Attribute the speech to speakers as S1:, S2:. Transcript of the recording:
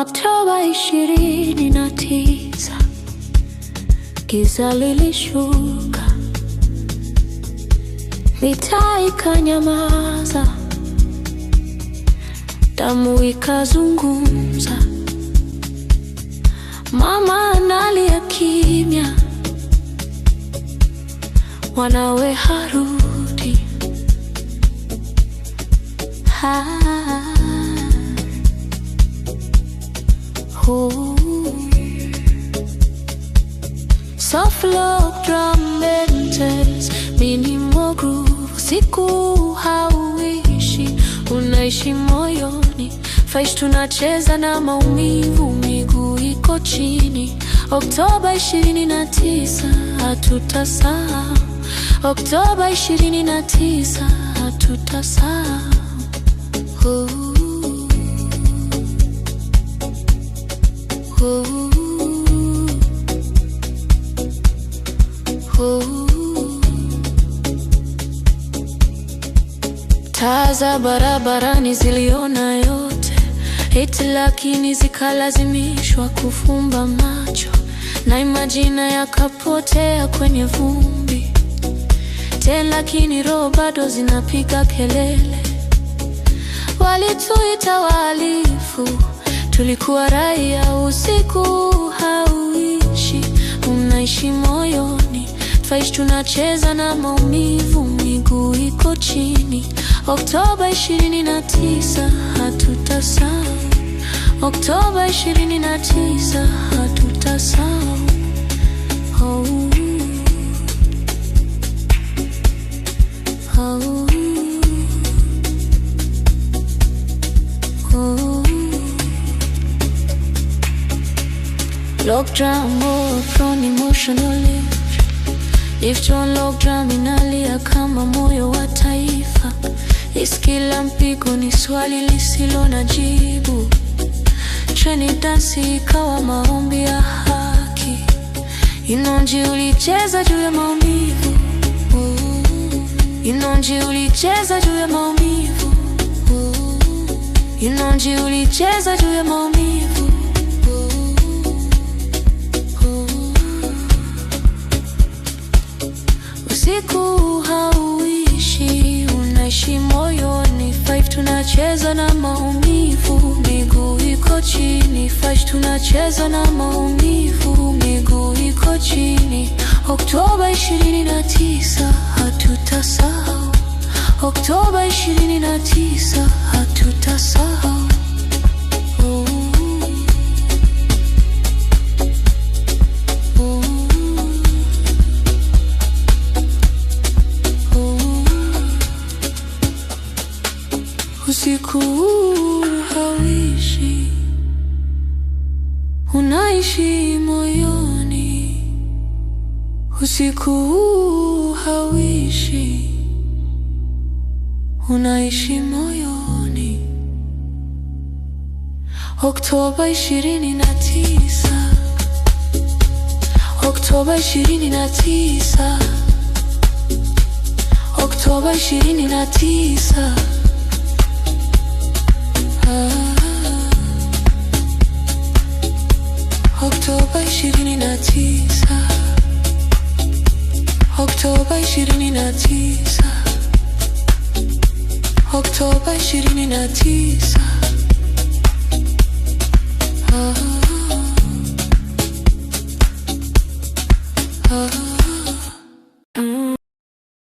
S1: Oktoba ishirini na tisa giza lilishuka, mitaa ikanyamaza, damu ikazungumza. Mama analia kimya, wanawe harudi ha. Soft love drum enters, minimal groove, siku hauishi, unaishi moyo Faish tunacheza na maumivu, miguu iko chini. Oktoba 29 hatutasahau, Oktoba 29 hatutasahau. Taa za barabarani ziliona yote Eti lakini zikalazimishwa kufumba macho na majina yakapotea kwenye vumbi te, lakini roho bado zinapiga kelele. Walituita wahalifu, tulikuwa raia. Usiku hauishi, unaishi moyoni. Twaishi tunacheza na maumivu, miguu iko chini Oktoba 29 hatutasahau, Oktoba 29 hatutasahau. Oh. Oh. Oh. oh, oh. Locked down more oh, prone emotionally If to unlock drum inalia kama moyo wa taifa Iskila mpigo ni swali lisilo na jibu. Cheni dansi ikawa maombi ya haki, Inonji ulicheza juu ya maumivu, Inonji ulicheza juu ya maumivu, Inonji ulicheza juu ya maumivu Siku hauishi, unaishi tunacheza na maumivu, miguu iko chini. Fash tunacheza na maumivu, miguu iko chini. Oktoba 29 hatutasahau, Oktoba 29 hatutasahau. Usiku hauishi, unaishi moyoni. Usiku huu hauishi, unaishi moyoni. Oktoba ishirini Oktoba ishirini Oktoba ishirini Oktoba ishirini na tisa Oktoba ishirini na tisa Oktoba ishirini na tisa